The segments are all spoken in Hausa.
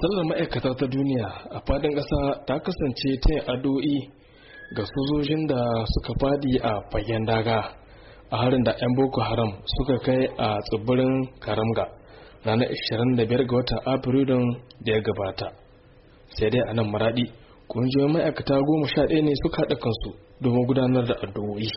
sallar ma'aikata ta duniya a fadin ƙasa ta kasance ta yin addu'o'i ga sojojin da suka fadi a fagen daga a harin da 'yan boko haram suka kai a tsibirin karamga ranar 25 ga watan afrilun da ya gabata sai dai a nan maradi ƙungiyoyin ma'aikata goma sha ɗaya ne suka haɗa kansu domin gudanar da addu'o'i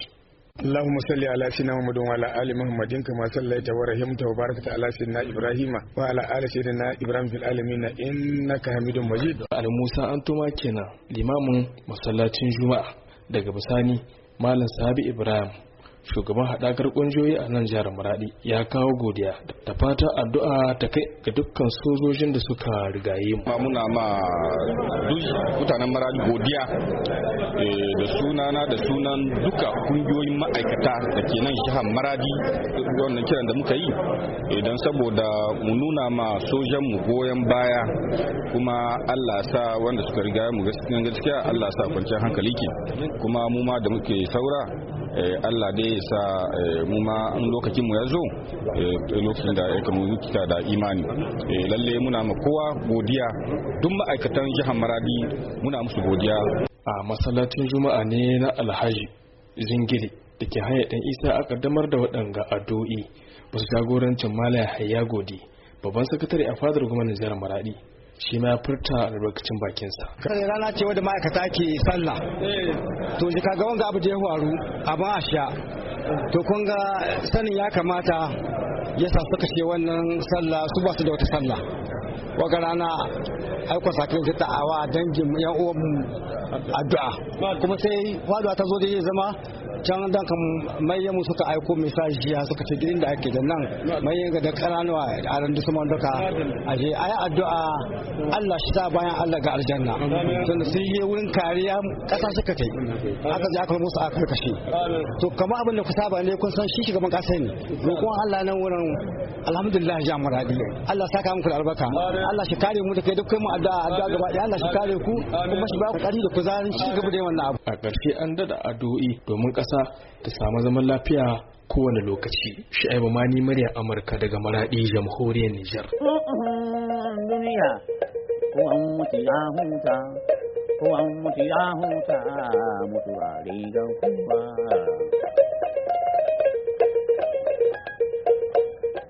اللهم صل على سيدنا محمد وعلى ال محمد كما صليت ورحمت وباركت على سيدنا ابراهيم وعلى ال سيدنا ابراهيم في العالمين انك حميد مجيد على موسى انتما kenan limamin masallacin juma'a daga bisani malam sahabi ibrahim shugaban haɗakar ƙungiyoyi a nan jihar Maradi ya kawo godiya da fata addu'a ta kai ga dukkan sojojin da suka rigaye mu. Muna ma duk mutanen Maradi godiya eh, da sunana da sunan duka ƙungiyoyin ma'aikata da ke nan jihar Maradi wannan kiran da muka yi idan eh, saboda mu nuna ma sojan mu goyon baya kuma Allah sa wanda suka rigaye mu gaskiya Allah sa kwanciyar hankali ke kuma mu ma da muke saura Eh, Allah dai ya sa eh, mu ma in lokacin mu ya zo eh, lokacin da ya kama zuciya da imani lalle muna ma kowa godiya duk ma'aikatan jihar Maradi muna musu godiya a masallacin juma'a ne na Alhaji Zingiri da ke hanyar ɗan Isa a kaddamar da waɗanga addu'o'i su jagorancin Malam Hayya Godi babban sakatare a fadar gwamnatin jihar Maradi shi ma furta albarkacin bakinsa. Kare rana ce wadda ma'aikata ke sallah. To shi kaga wanga abu da ya faru a ba a sha. To kun ga sanin ya kamata ya sa suka ce wannan sallah su ba su da wata sallah. Waga rana aikwa sakin zai ta'awa dangin yan uwan addu'a. Kuma sai faduwa ta zo da zama can dan kan mayan mu suka aiko misaji ya suka ce gidan da ake da nan mayan ga da karanuwa a da suma duka a je ayi addu'a Allah shi sa bayan Allah ga aljanna tunda sun yi wurin kariya kasa suka kai aka ji aka musu aka kashe to kama abin da ku saba ne kun san shi shugaban kasa ne roƙon Allah nan wurin alhamdulillah ya muradi Allah saka muku albarka Allah shi kare mu da kai duk kai mu addu'a addu'a gaba ɗaya Allah shi kare ku kuma shi ba ku kari da kuzarin shi gaba da wannan abu a ƙarshe an dada addu'o'i domin ƙasa ta samu zaman lafiya kowane lokaci sha'ibu mani murya amurka daga maradi jamhuriyar nijar duniya ko an mutu ya huta ko an mutu ya huta rigar kuma